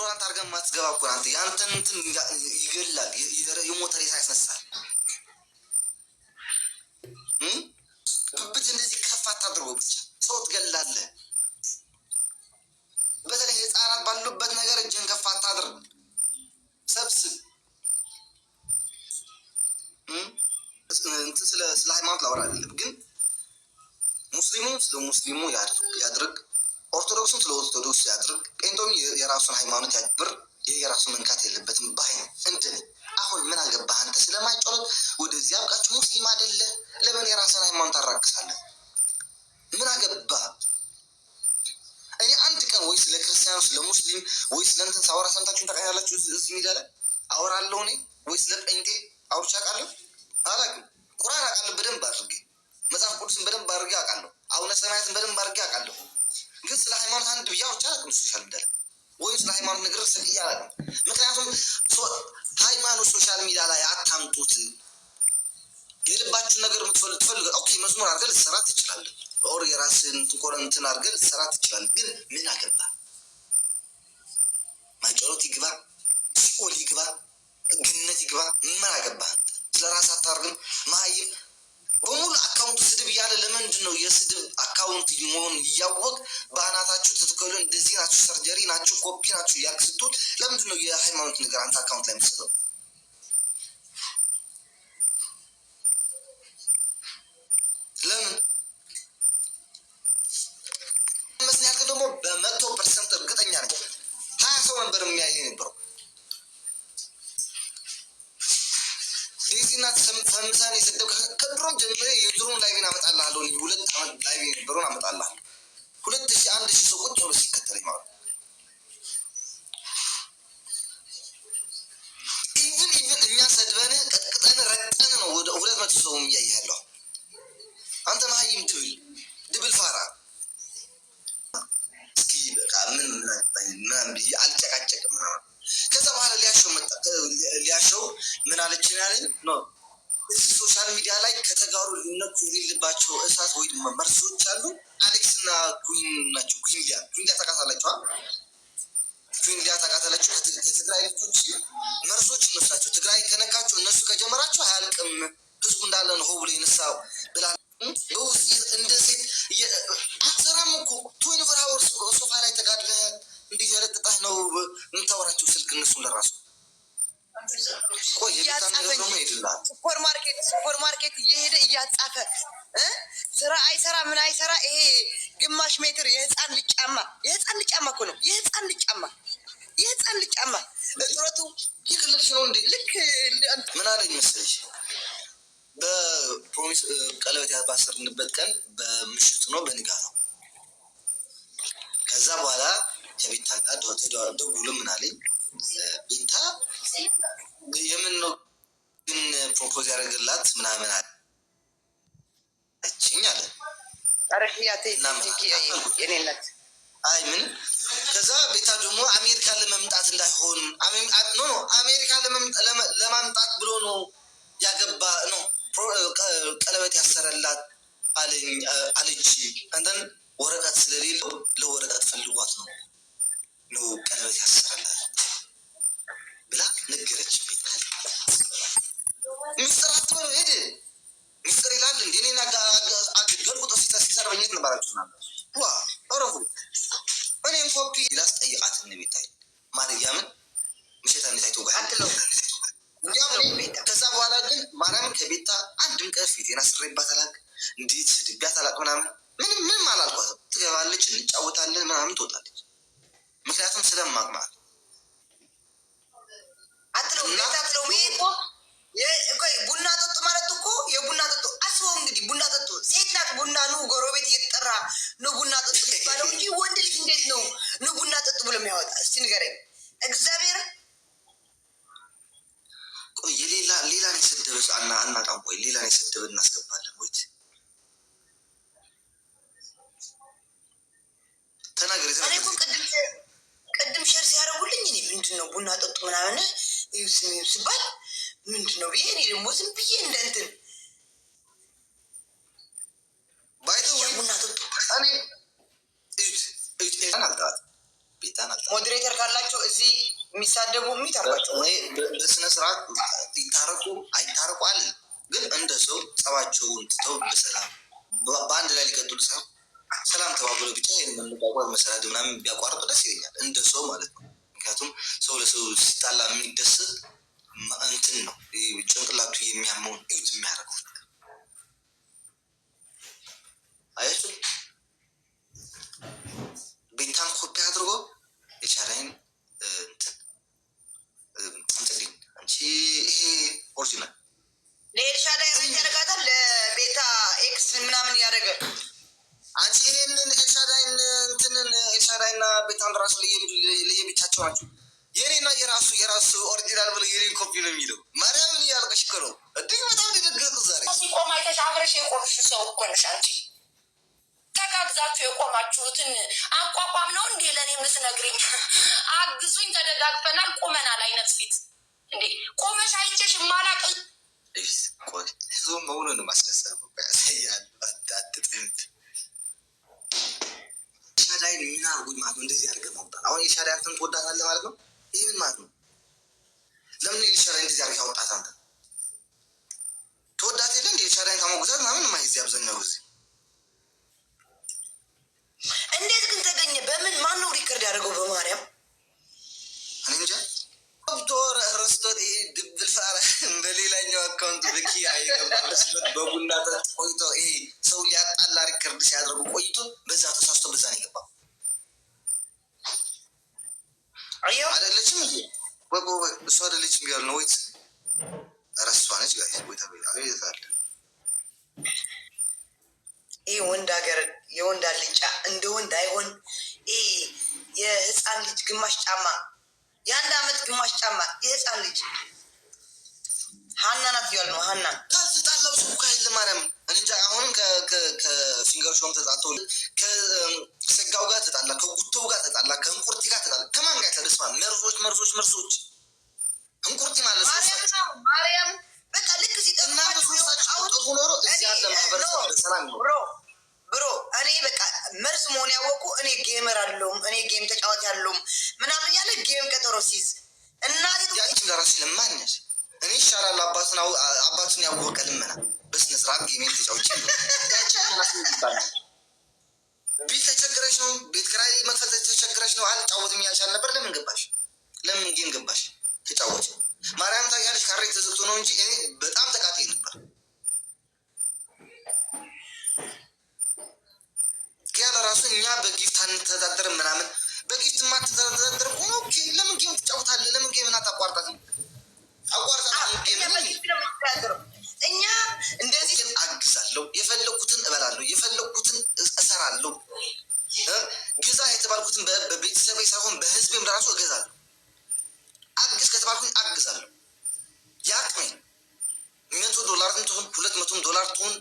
ዶራንት አድርገን ማትገባ እኮ አንተ ያንተን እንትን ይገላል፣ የሞተ ሬሳ ያስነሳል። ብብት እንደዚህ ከፍ አታድርጎ ብቻ ሰው ትገላለህ። በተለይ ህፃናት ባሉበት ነገር እጅን ከፍ አታድርግ፣ ሰብስብ። እንትን ስለ ሃይማኖት ላወራ አይደለም፣ ግን ሙስሊሙ ስለ ሙስሊሙ ያድርግ ኦርቶዶክስን ስለ ኦርቶዶክስ ያድርግ፣ ጴንጦም የራሱን ሃይማኖት ያጅብር ይሄ የራሱ መንካት የለበትም ባይ ነው። እንድን አሁን ምን አገባህ አንተ? ስለማይጮለት ወደዚህ አብቃችሁ። ሙስሊም አይደለ? ለምን የራስን ሃይማኖት አራክሳለህ? ምን አገባ? እኔ አንድ ቀን ወይ ስለ ስለ ለሙስሊም ወይ ስለ እንትን ሳወራ ሰምታችሁን ታውቃላችሁ? እዚህ ሚዲያ ላይ አወራለሁ እኔ ወይ ስለ ጴንጤ አውርቼ አውቃለሁ? አላውቅም። ቁርአን አውቃለሁ በደንብ አድርጌ፣ መጽሐፍ ቅዱስን በደንብ አድርጌ አውቃለሁ። አቡነ ሰማያትን በደንብ አድርጌ አውቃለሁ። ግን ስለ ሃይማኖት አንድ ብዬ አውርቼ አላውቅም ሶሻል ሚዲያ ላይ ወይም ስለ ሃይማኖት ነገር ስቅዬ አላውቅም። ምክንያቱም ሃይማኖት ሶሻል ሚዲያ ላይ አታምጡት። የልባችሁን ነገር የምትፈልግ ትፈልግ ኦኬ፣ መዝሙር አድርገህ ልትሰራ ትችላለ። ኦር የራስን ቆረንትን አድርገህ ልትሰራ ትችላለ። ግን ምን አገባ? ማጨሮት ይግባ፣ ሲኦል ይግባ፣ ግነት ይግባ፣ ምን አገባ? ስለ ራስ አታርግም። መሀይም በሙሉ አካውንቱ ስድብ እያለ ለምንድን ነው የስድብ አካውንት መሆን እያወቅ በአናታችሁ ትትከሉ። እንደዚህ ናችሁ፣ ሰርጀሪ ናችሁ፣ ኮፒ ናችሁ እያልክ ስትውል ለምንድን ነው የሃይማኖት ነገር አንተ አካውንት ላይ የምትሰጠው? ለምን መስን ያልክ ደግሞ በመቶ ፐርሰንት እርግጠኛ ነኝ ሀያ ሰው ነበር የሚያይ ነበረው ዴዚና ፈምሳን የሰደብ ከድሮም ጀሚ የነበረውን ላይቬን አመጣልሃለሁ። ሁለት ዓመት ላይቭ የነበረውን አመጣልሃለሁ። ሁለት ሺ አንድ ሺ ሰው ቁጭ ብሎ ሲከተለኝ ማለት ነው። ኢቭን ኢቭን እኛ ሰድበን ቀጥቅጠን ረጠን ነው ወደ ሁለት መቶ ሰውም እያየ ያለሁ አንተ መሀይም ድብል ድብል ፋራ እስኪ በቃ ምን ምናምን ብዬ አልጨቃጨቅም ምናምን ከዛ በኋላ ሊያሸው ሊያሸው ምን አለችን ያለኝ ነው ሶሻል ሚዲያ ላይ ከተጋሩ እነኩ የሌለባቸው እሳት ወይ ድማ መርሶች አሉ። አሌክስ እና ኩን ናቸው። ኩንሊያ ኩንሊያ ታውቃታላችሁ? ኩንሊያ ታውቃታላችሁ? ከትግራይ ልጆች መርሶች እነሳቸው። ትግራይ ከነካቸው እነሱ ከጀመራቸው አያልቅም። ህዝቡ እንዳለን ሆ ብሎ የነሳው ብላ እንደ ሴት አትሰራም እኮ ቱን ብራወር ሶፋ ላይ ተጋድለ እንዲህ ያለጥጣህ ነው የምታወራቸው ስልክ እነሱ ለራሱ ሱፐር ማርኬት ሱፐር ማርኬት እየሄደ እያጻፈ ስራ አይሰራ ምን አይሰራ። ይሄ ግማሽ ሜትር የህፃን ልጅ ጫማ የህፃን ልጅ ጫማ እኮ ነው። የህፃን ልጅ ጫማ የህፃን ልጅ ጫማ እጥረቱ ይቅልብስ ነው እንዴ? ልክ ምን አለኝ መሰለሽ በፕሮሚስ ቀለበት ባሰርንበት ቀን በምሽቱ ነው በንጋት ነው። ከዛ በኋላ ከቤታ ጋር ደውሎ ምን አለኝ ቤታ የምን ነው ግን ፕሮፖዝ ያደረግላት ምናምን አለችኝ አለ። አይ ምን ከዛ ቤታ ደግሞ አሜሪካ ለመምጣት እንዳይሆን ኖ ኖ አሜሪካ ለማምጣት ብሎ ነው ያገባ ነው ቀለበት ያሰረላት አለች። አንተን ወረቀት ስለሌለው ለወረቀት ፈልጓት ነው ነው ቀለበት ያሰረላት ብላ ነገረችብኝ። ሚስጥር አትበሉ ሄድ ሚስጥር ይላል እንዲ ገልቁጦ ና ረፉ እኔም ኮፒ ማርያምን ከዛ በኋላ ግን ማርያምን ከቤታ አንድም ቀን አላቅ እንዴት አላቅ ምናምን ምንም ምንም አላልኳትም። ትገባለች፣ እንጫወታለን ምናምን ትወጣለች። ምክንያቱም ስለማቅማል ቡና ጠጡ ማለት እኮ አስቦ እንግዲህ ቡና ጠጡ ሴት ናት። ቡና ኑ ጎረቤት እየተጠራ ኑ ቡና ጠጡ የሚባለው እንጂ ወንድ ልጅ እንዴት ነው ኑ ቡና ጠጡ ብሎ የሚያወጣ? እስቲ ንገረኝ እግዚአብሔር። ቆይ ሌላ ሌላ ቅድም ሸር ሲያደርጉልኝ እኔ ምንድን ነው ቡና ጠጡ ምናምን ስሜው ሲባል ምንድን ነው ብዬ እኔ ደግሞ ዝም ብዬ እንደንትን ሞዴሬተር ካላቸው እዚህ የሚሳደቡ የሚታርቋቸው በስነ ስርዓት ይታረቁ አይታረቋል። ግን እንደ ሰው ጸባቸውን ትተው በሰላም በአንድ ላይ ሊቀጥሉ ሰላም ተባብሎ ብቻ ይህን መቋቋም መሰራት ምናምን ቢያቋርጡ ደስ ይለኛል፣ እንደ ሰው ማለት ነው። በሰው ሲጣላ የሚደሰት እንትን ነው። ጭንቅላቱ የሚያመውን እዩት የሚያደርገው አያችሁ። ቤንታን ኮፒ አድርጎ የቻላይን እንትን አንቺ ይሄ ኦሪጂናል ለኤልሻዳይ ያደርጋታል ለቤታ ኤክስ ምናምን ያደረገ አንቺ ይህንን ኤልሻዳይን እንትንን ኤልሻዳይና ቤታን ራሱ ለየብቻቸው ናቸው። የኔና የራሱ የራሱ ኦሪጂናል ብሎ የኔን ኮፒ ነው የሚለው። ማርያምን እያልቀሽ እኮ ነው እድግ በጣም ደገቁ። ዛሬ ሲቆም አይተሽ አብረሽ የቆምሽ ሰው እኮ ነሽ አንቺ። ተጋግዛችሁ የቆማችሁትን አቋቋም ነው እንዴ ለእኔ የምትነግሪኝ? አግዙኝ፣ ተደጋግፈናል፣ ቆመናል አይነት ፊት እንዴ ቆመሽ አይቼሽ ማላቅ ቆይ ህዝቡን መሆኑን ማስደሰብ ያሳያል። አትጥምት ሻዳይን ምን ማለት ነው። እንደዚህ አድርገህ ማውጣት አሁን የሻዳይ አክተን ትወዳታለህ ማለት ነው። ይህን ማለት ነው። ለምን ኤልሻዳይ እንደዚህ አድርገህ አወጣት? አንተ ተወዳት የለ እንደ ኤልሻዳይን ከሞግዛት ምናምን ማይዚ አብዛኛው ጊዜ እንዴት ግን ተገኘ? በምን ማን ነው ሪከርድ ያደርገው? በማርያም እኔ እንጃ። በሌላኛው አካውንት ብኪ አይገባበት በቡና ቆይቶ ይሄ ሰው ሊያጣላ ሪከርድ ሲያደርጉ ቆይቶ በዛ ተሳስቶ በዛ እሷ አይደለችም እያሉ ነው ወይስ እረሷ ነች? ጋይስ ወይ አቤት አለ ይህ ወንድ ሀገር የወንድ አልጫ እንደ ወንድ አይሆን። ይህ የህፃን ልጅ ግማሽ ጫማ፣ የአንድ አመት ግማሽ ጫማ የህፃን ልጅ ሀና ናት እያሉ ነው። ሀና ታስጣለው ሰው ካይል ማርያም እንጃ። አሁንም ከፊንገር ሾም ተጣልቶ ከስጋው ጋር ነው ሲይዝ እናት ያች ለራስ ልማነች እኔ ይሻላል አባቱን አባቱን ያወቀ ልመና በስነ ስርዓት ጌሜን ተጫውቼ ቤት ተቸግረሽ ነው ቤት ክራይ መክፈል ተቸግረሽ ነው አልጫወትም ያልሻል ነበር። ለምን ገባሽ? ለምን ግን ገባሽ? ተጫወች ማርያም ታያለሽ። ካሬ ተዘግቶ ነው እንጂ እኔ በጣም ተቃጤ ነበር። ያለ ራሱ እኛ በጊፍት አንተዳደር ምናምን በጊፍት የማትተዳደር ከሆነ ኦኬ፣ ለምን ጌም ትጫወታለህ? ለምን ጌም ናት አቋርጣት እኛ እንደዚህ አግዛለሁ፣ የፈለግኩትን እበላለሁ፣ የፈለግኩትን እሰራለሁ። ግዛ የተባልኩትን በቤተሰብ ሳይሆን በህዝብም ራሱ እገዛለሁ። አግዝ ከተባልኩኝ አግዛለሁ። የአቅሜ መቶ ዶላር ትሁን ሁለት መቶም ዶላር ትሁን